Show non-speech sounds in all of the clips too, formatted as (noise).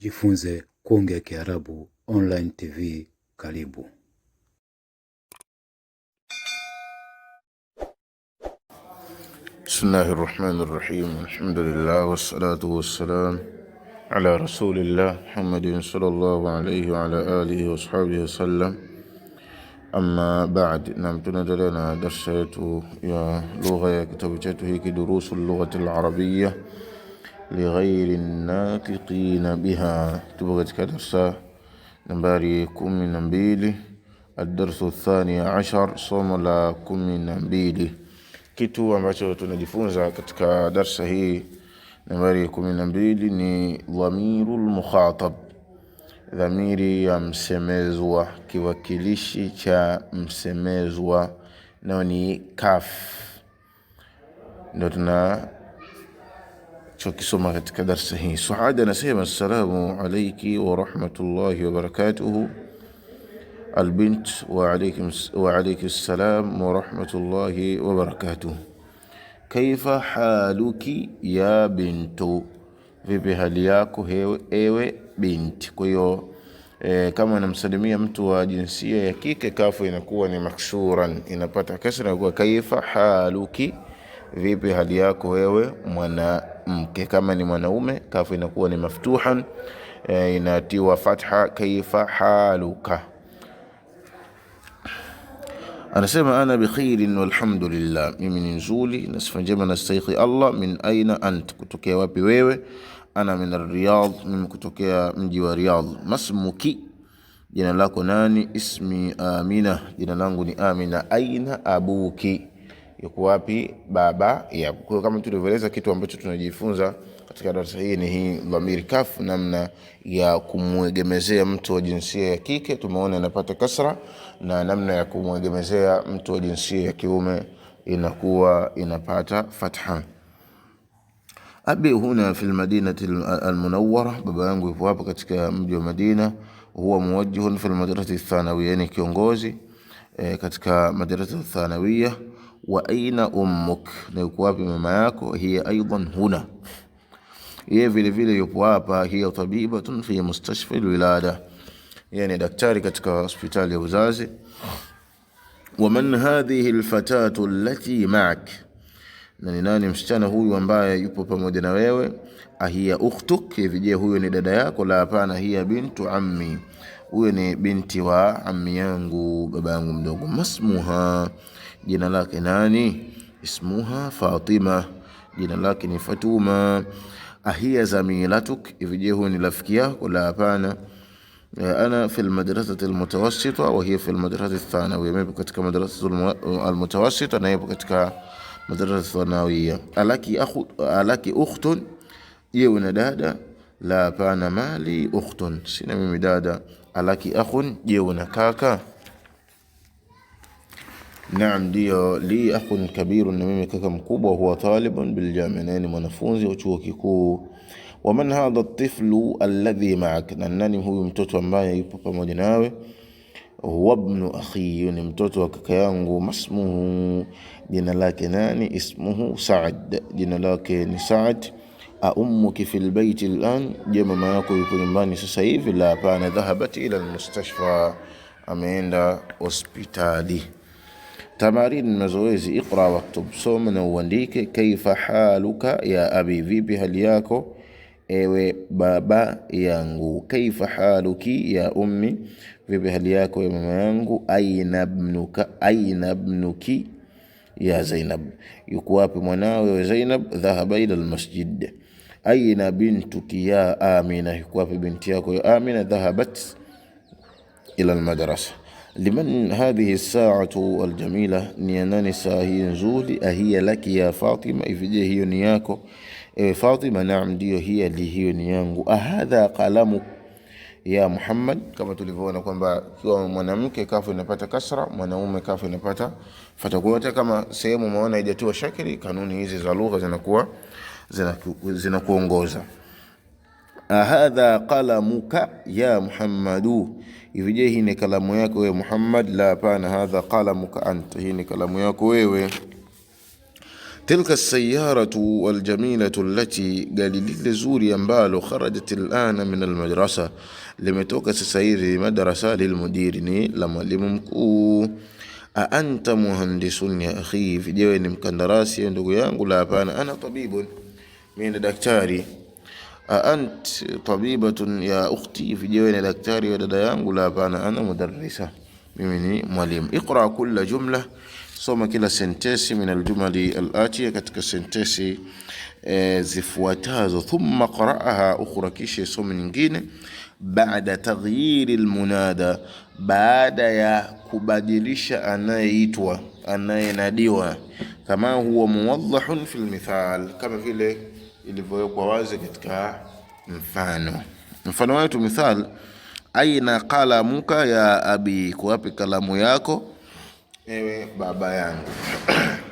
Jifunze Kuongea Kiarabu Online TV karibu. Bismillahi rahmani rahim alhamdulillah wassalatu wassalam ala rasulillah Muhammadin sallallahu alayhi wa ala alihi wa sahbihi wasallam. Amma baad, nam, tunaendelea na darsa yetu ya lugha ya kitabu chetu hiki Durusu Lughati Larabia. lighairi nakiqina biha. Tupo katika darsa nambari kumi na mbili, ad thani ashar, somo la kumi na mbili. Kitu ambacho tunajifunza katika darsa hii nambari kumi na mbili ni dhamiru lmukhatab, dhamiri ya msemezwa, kiwakilishi cha msemezwa nao ni kaf, ndio tuna tunachokisoma katika darsa hii. Suada anasema assalamu alayki wa rahmatullahi wa barakatuh. Albint wa alaykum wa alaykum assalam wa rahmatullahi wa barakatuh. Kaifa haluki ya bintu, vipi hali yako hewe, ewe binti. Kwa hiyo e, kama namsalimia mtu wa jinsia ya kike, kafu inakuwa ni maksuran, inapata kasra, inakuwa kaifa haluki vipi hali yako wewe mwanamke. Kama ni mwanaume kafu inakuwa ni maftuhan e, inatiwa fatha kaifa haluka. Anasema ana bikhairin walhamdulillah, mimi ni nzuri na sifa njema na staikhi Allah. Min aina ant, kutokea wapi wewe? Ana min Riyadh, mimi kutokea mji wa Riyadh. Masmuki, jina lako nani? Ismi Amina, jina langu ni Amina. Aina abuki yuko wapi baba ya. Kwa kama tulivyoeleza, kitu ambacho tunajifunza katika darasa hii ni hii dhamiri kaf, namna ya kumwegemezea mtu wa jinsia ya kike, tumeona inapata kasra, na namna ya kumwegemezea mtu wa jinsia ya kiume inakuwa inapata fatha. Abi huna fi lmadinati almunawara, baba yangu yupo hapa katika mji wa Madina. Huwa muwajihun fi lmadrasati thanawiya, ni kiongozi eh, katika madrasa thanawiya wa aina ummuk, na yuko wapi mama yako? Hiya aidan huna, yeye vile vile yupo hapa. Hiya tabibatun fi mustashfa alwilada, yeye ni daktari katika hospitali ya uzazi. Wa man hadhihi alfatatu allati ma'ak, na ni nani msichana huyu ambaye yupo pamoja na wewe? Ahiya ukhtuk, hivi je huyo ni dada yako? La, hapana. Hiya bintu ammi, huyo ni binti wa ammi yangu, baba yangu mdogo. Masmuha jina lake nani? Ismuha Fatima, jina lake ni Fatuma. Ahia zamilatuk, hivi je huyu ni rafiki yako? La, hapana. Eh, ana fi almadrasati almutawassita wa fi almadrasati athanawiyya, mimi katika madrasa almutawassita na yeye katika madrasa thanawiyya. Alaki akhu, alaki ukhtun, je una dada? La, hapana. Mali ukhtun, sina mimi dada. Alaki akhun, je una kaka? Naam, ndio li akhun kabirun, na mimi kaka mkubwa. Huwa talibun biljamia, naye ni mwanafunzi wa chuo kikuu. Wa man hadha tiflu alladhi ma'ak, na nani huyu mtoto ambaye yupo pamoja nawe? Huwa ibnu akhi, ni mtoto wa kaka yangu. Masmuhu, jina lake nani? Ismuhu Saad, jina lake ni Saad. Aummuki fi lbeiti lan, je mama yako yuko nyumbani sasa hivi? La, hapana. Dhahabat ila almustashfa, ameenda hospitali. Tamarin, mazoezi. Iqra, waktub, soma na uandike. Kaifa haluka, ya abi, vipi hali yako ewe baba yangu. Kaifa haluki, ya ummi, vipi hali yako ewe mama yangu. Aina ibnuka, aina ibnuki ya Zainab, yuko wapi mwanao ewe Zainab. Dhahaba ila almasjid. Aina bintuki, ya Amina, yuko wapi binti yako ya Amina. Dhahabat ila almadrasa Liman hadhihi saatu aljamila, ni ya nani saa hii nzuri? Ahiya laki ya Fatima, ifije hiyo ni yako ewe Fatima? Naam, ndio hiya li, hiyo ni yangu. Ahadha ah, qalamu ya Muhammad, kama tulivyoona kwamba kiwa mwanamke kafu inapata kasra, mwanaume kafu inapata fatakuta. Kama sehemu umeona haijatua shakiri, kanuni hizi za lugha zinakuwa zinakuongoza ahadha qalamuka ya Muhammadu, hivi je, hii ni kalamu yako wewe Muhammad? La, hapana. Hadha qalamuka anta, hii ni kalamu yako wewe. Tilka sayaratu waljamilatu allati, gari lile zuri ambalo kharajat alana min almadrasa, limetoka sasa hivi madrasa. Lilmudiri, ni la mwalimu mkuu. Aanta muhandisun ya akhi, hivi je, ni mkandarasi ndugu yangu? La, hapana. Ana tabibun, mimi ni daktari aant tabibatun ya ukhti, vijewe na daktari wa dada yangu? La, hapana, ana mudarrisa, mimi ni mwalimu. Iqra kulla jumla, soma kila sentesi. Min aljumali alatiya, katika sentesi e, zifuatazo. Thumma qara'aha ukhra, kisha soma nyingine. Baada taghyiri almunada, baada ya kubadilisha anayeitwa, anayenadiwa. Kama huwa muwadhahun fi almithal, kama vile ilivyowekwa wazi katika mfano. Mfano wetu mithal, aina qalamuka ya abi, kuwapi kalamu yako ewe baba yangu. (clears throat)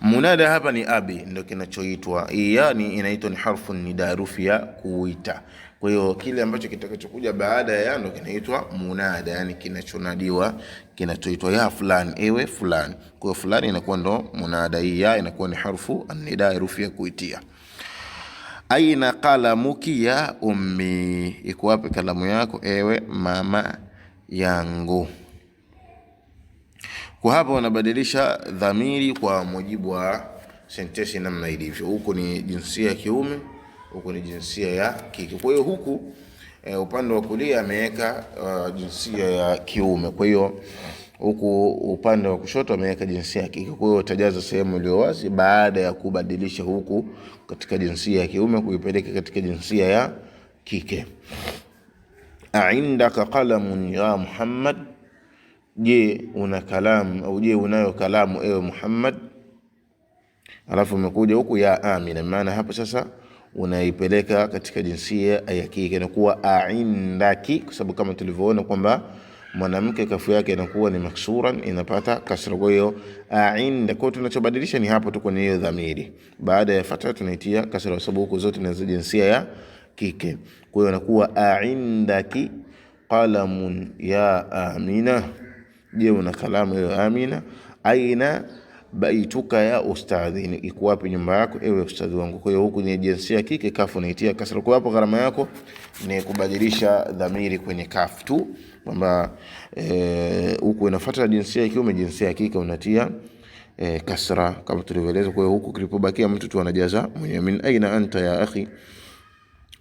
Munada hapa ni abi, ndio kinachoitwa yani, inaitwa ni harfu ni darufi ya kuita. Kwa hiyo kile ambacho kitakachokuja baada ya ndio kinaitwa munada, yani kinachonadiwa, kinachoitwa ya fulani, ewe fulani. Kwa hiyo fulani inakuwa ndo munada, hii ya inakuwa ni harfu nida, herufi ya kuitia. Aina kalamuki ya ummi, iko wapi kalamu yako ewe mama yangu? Kwa hapa wanabadilisha dhamiri kwa mujibu wa sentensi namna ilivyo. Huku ni jinsia ya kiume, huku ni jinsia ya kike. Kwa hiyo huku e, upande wa kulia ameweka uh, jinsia ya kiume, kwa hiyo huku upande wa kushoto ameweka jinsia ya kike. Kwa hiyo utajaza sehemu iliyo wazi baada ya kubadilisha huku katika jinsia ya kiume kuipeleka katika jinsia ya kike. Aindaka qalamun ya Muhammad Je, una kalamu au je unayo kalamu ewe Muhammad? Alafu umekuja huku ya amina, maana hapo sasa unaipeleka katika jinsia ya kike, inakuwa aindaki, kwa sababu kama tulivyoona kwamba mwanamke kafu yake inakuwa ni maksuran, inapata kasra. Kwa hiyo ainda, kwa tunachobadilisha ni hapo tu kwenye hiyo dhamiri, baada ya fatha tunaitia kasra, kwa sababu huko zote ni jinsia ya kike. Kwa hiyo inakuwa aindaki qalamun ya amina Je, una kalamu hiyo Amina? Aina baituka ya ustadhini, iko wapi nyumba yako ewe ustadhi wangu? Kwa hiyo huku ni jinsia kike, kafu naitia kasra. Kwa hapo gharama yako ni kubadilisha dhamiri kwenye kafu tu, kwamba eh, huku inafuata jinsia ya kiume, jinsia kike unatia e, kasra kama tulivyoeleza. Kwa hiyo huku kilipobakia mtu tu anajaza mwenyewe. Min aina anta ya akhi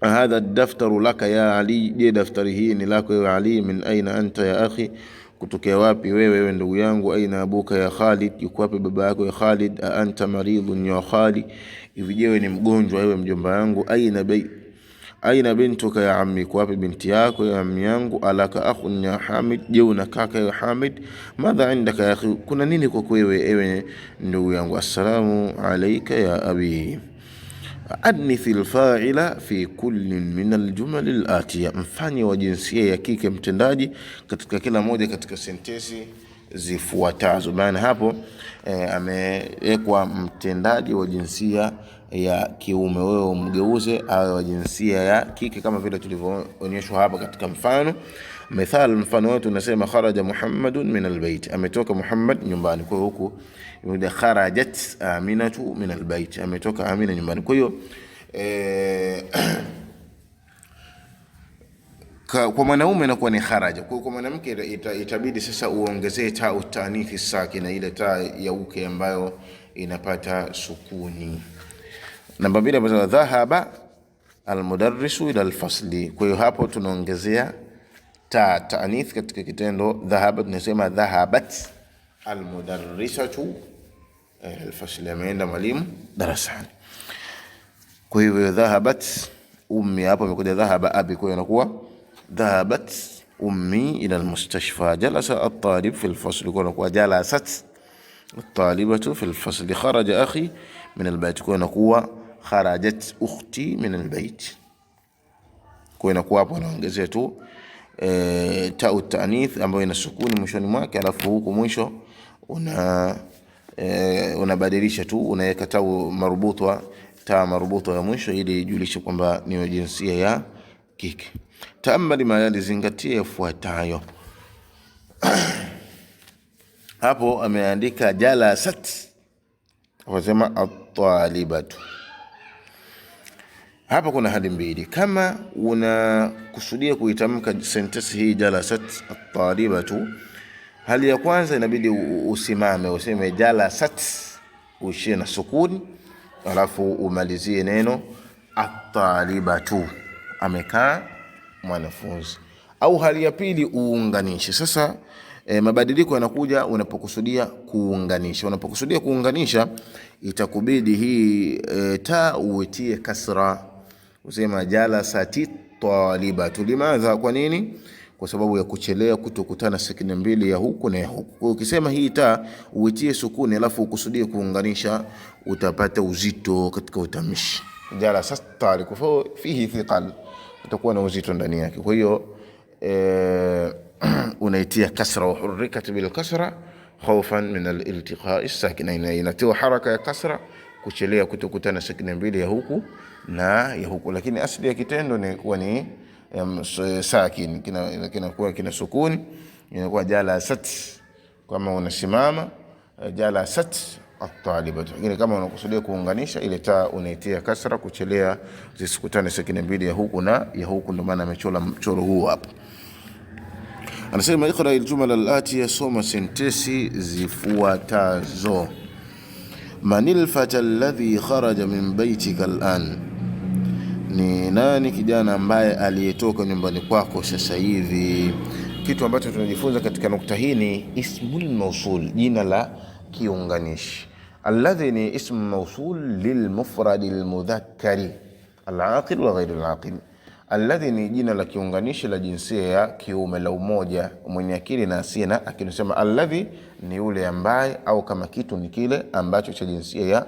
hadha daftaru laka ya Ali, je daftari hii ni lako ewe Ali? Min aina anta ya akhi kutokea wapi wewe, we ndugu yangu? Aina abuka ya Khalid, yuko wapi baba yako ya Khalid? A anta maridun ya Khalid, hivi je wewe ni mgonjwa wewe mjomba yangu? Aina bay aina bintuka ya ammi, yuko wapi binti yako ya ammi yangu? Alaka akhun ya Hamid, je una kaka ya Hamid? Madha indaka ya akhi, kuna nini kwa wewe ewe ndugu yangu? Assalamu alayka ya abi Anith lfaila fi kuli min aljumali latia mfanye wa jinsia ya kike mtendaji katika kila moja katika sentesi zifuatazo. Maana hapo eh, amewekwa mtendaji wa jinsia ya kiume, wewe umgeuze awe wa jinsia ya kike, kama vile tulivyoonyeshwa hapa katika mfano. Mithal, mfano wetu unasema kharaja Muhammadun min albayt, ametoka Muhammad nyumbani. Kwa hiyo huku yule kharajat Aminatu min albayt, ametoka Amina nyumbani. Kwa hiyo eh, kwa mwanaume inakuwa ni kharaja, kwa kwa mwanamke ita, itabidi sasa uongezee ta utanithi sakina, ile ta ya uke ambayo inapata sukuni. Namba mbili ambazo dhahaba almudarrisu ila alfasli. Kwa hiyo hapo tunaongezea ta taanith katika kitendo dhahaba, tunasema dhahabat almudarrisatu الفصل يمين مليم درسان كوي ذهبت أمي أبو مكودي ذهب أبي كوي نقوى ذهبت أمي إلى المستشفى جلس الطالب في الفصل كوي نقوى جلست الطالبة في الفصل خرج أخي من البيت كوي نقوى خرجت أختي من البيت كوي نقوى أبو نانجزيتو آه، تاء التأنيث أبو ينسكوني مشوني معك على فوق ومشو ونا eh, unabadilisha tu unaweka tau marubutwa ta marubutwa ya mwisho ili ijulishe kwamba ni jinsia ya kike. Taamali mayali, zingatia yafuatayo. (clears throat) Hapo ameandika jalasat, wasema atalibatu. Hapa kuna hali mbili. Kama unakusudia kuitamka sentensi hii jalasat atalibatu Hali ya kwanza inabidi usimame useme jalasat, uishie na sukuni, alafu umalizie neno atalibatu, amekaa mwanafunzi. Au hali ya pili uunganishe. Sasa e, mabadiliko yanakuja unapokusudia kuunganisha. Unapokusudia kuunganisha itakubidi hii e, eh, ta uitie kasra, usema jalasati talibatu. Limadha, kwa nini? kwa sababu ya kuchelea kutokutana sekunde mbili ya huku na ya huku. Kwa ukisema hii ta uitie sukuni alafu ukusudie kuunganisha utapata uzito katika utamshi. Jalasa tariku fa fihi thiqal, utakuwa na uzito ndani yake. Kwa hiyo e, (clears throat) unaitia kasra, hurrikat bil kasra khawfan min al iltiqai sakinain, inatiwa haraka ya kasra kuchelea kutokutana sekunde mbili ya huku na ya huku, lakini asli ya kitendo ni kuwa ni Eh, sakin kinakuwa kina, kina, kina sukuni inakuwa sat kama unasimama eh, jalasat atalibatu, lakini kama unakusudia kuunganisha ile taa unaitia kasra, kuchelea zisikutane sakini mbili ya huku na ya huku, ndio maana amechora mchoro huu hapa. Anasema iqra aljumla alati, yasoma sentesi zifuatazo: manil fata alladhi kharaja min baitika alan ni nani kijana ambaye aliyetoka nyumbani kwako sasa hivi. Kitu ambacho tunajifunza katika nukta hii ni ismul mausul, jina la kiunganishi. Alladhi ni ismu mausul lilmufradi lmudhakari alaqil wa ghairu alaqil. Alladhi ni jina la kiunganishi la jinsia ya kiume la umoja, mwenye akili na asiye na akili. Tunasema alladhi ni yule ambaye, au kama kitu ni kile ambacho cha jinsia ya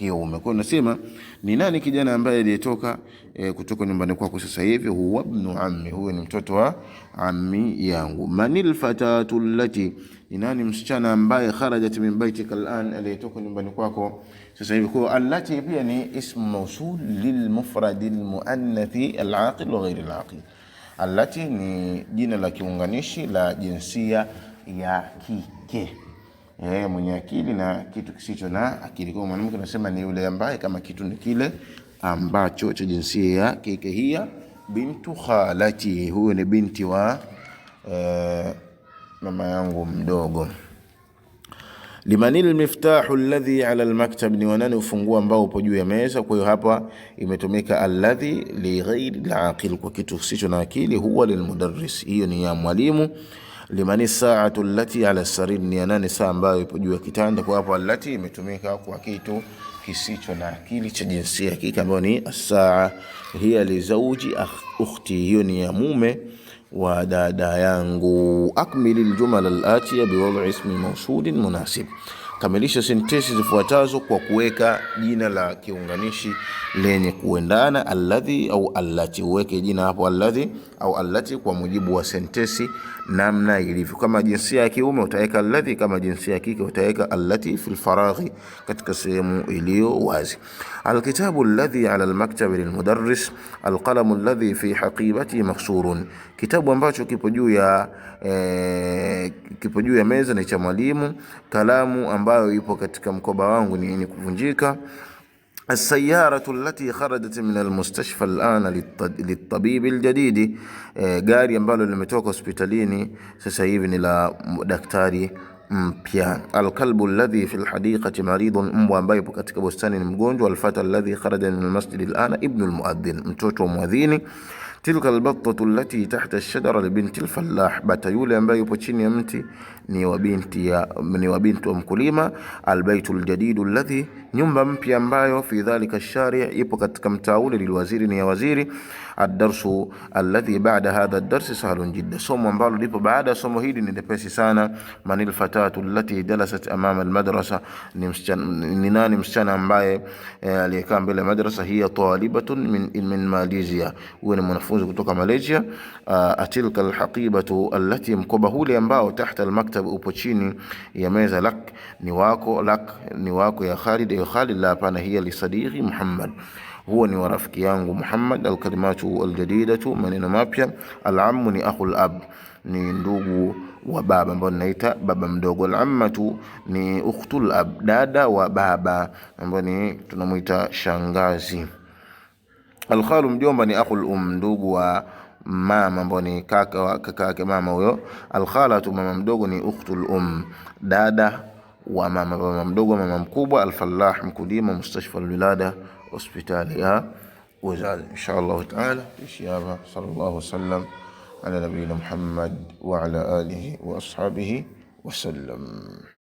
kiume. Kwa hiyo nasema ni nani kijana ambaye aliyetoka e, kutoka nyumbani kwako sasa hivi? Huwa ibnu ammi, huyo ni mtoto wa ammi yangu. Manil fatatu lati, ni nani msichana ambaye kharajat min baitika alan, aliyetoka nyumbani kwako sasa hivi. Kwa allati pia ni ismu mawsul lilmufradi almuannathi alaqil wa ghairi alaqil. Allati ni jina la kiunganishi la jinsia ya kike eh, mwenye akili na kitu kisicho na akili. Kwa mwanamke anasema ni yule ambaye kama kitu ni kile ambacho cha jinsia ya kike. Hiya bintu khalati, huyo ni binti wa eh, mama yangu mdogo. Limanil miftahu alladhi ala almaktab, ni wanani ufunguo ambao upo juu ya meza. Kwa hiyo hapa imetumika alladhi li ghairi alaqil, kwa kitu kisicho na akili. Huwa lilmudarris, hiyo ni ya mwalimu limani saatu lati ala sarir, ni nani saa ambayo ipo juu ya kitanda. Kwa hapo alati imetumika kwa kitu kisicho na akili cha jinsia ya kike ambayo ni asaa. Hiya lizauji ukhti, hiyo ni ya mume wa dada yangu. Akmili ljumala alatiya biwad'i ismi mawsulin munasib, kamilisha sentesi zifuatazo kwa kuweka jina la kiunganishi lenye kuendana. Alladhi au allati, uweke jina hapo alladhi au allati kwa mujibu wa sentesi namna ilivyo. Kama jinsia ya kiume utaweka alladhi, kama jinsia ya kike utaweka allati fil faraghi, katika sehemu iliyo wazi. Alkitabu alladhi ala almaktabi lilmudarris, alqalamu alladhi fi haqibati maksurun, kitabu ambacho kipo juu ya eh, kipo juu ya meza ni cha mwalimu. Kalamu ambayo ipo katika mkoba wangu ni yenye kuvunjika. Alsayaratu allati kharajat min almustashfa alana litabibi aljadidi, e, gari ambalo limetoka hospitalini sasa hivi ni la daktari mpya. Alkalbu alladhi fi alhadiqati maridun, mbwa ambaye yupo katika bustani ni mgonjwa. Alfata alladhi kharaja min almasjid alana ibnu almuadhin, mtoto wa mwadhini. Tilka albattatu allati tahta alshajara libinti alfallah, bata yule ambaye yupo chini ya mti ni wa binti wa mkulima. Albaytu aljadidu alladhi nyumba mpya ambayo fi dhalika sharia ipo katika mtaa ule, lilwaziri ni ya waziri. ad alladhi ba'da hadha ad-darsi sahlun jidda, somo ambalo lipo baada ya somo hili ni depesi sana. Manil fatatu allati jalasat amama al-madrasa, ni nani msichana ambaye eh, aliyekaa mbele ya madrasa? Hiya talibatun min Malaysia, huyo ni mwanafunzi kutoka Malaysia. Ah, atilka al-haqibatu allati, mkoba hule ambao tahta al-maktab, upo chini ya meza. Lak ni wako, lak ni wako ya Khalid hiyo Khalid, la hapana, hiya sadiqi Muhammad, huwa ni warafiki yangu Muhammad. Alkalimatu aljadidatu, maneno mapya. Alammu ni akhul ab, ni ndugu wa baba ambao ninaita baba mdogo. Alammatu ni ukhtul ab, dada wa baba ambao ni tunamuita shangazi. Alkhalu mjomba ni akhul um, ndugu wa mama ambao ni kaka wa kaka yake mama huyo. Alkhalatu mama mdogo ni ukhtul um, dada wa mama, بابا mdogo, mama mkubwa alfalah falah Mkulima Mustashfa Alwilada hospitali ya Uzazi. Inshallah taala tuishi hapa. Sallallahu wasallam ala nabiyina Muhammad wa ala alihi wa ashabihi wasallam.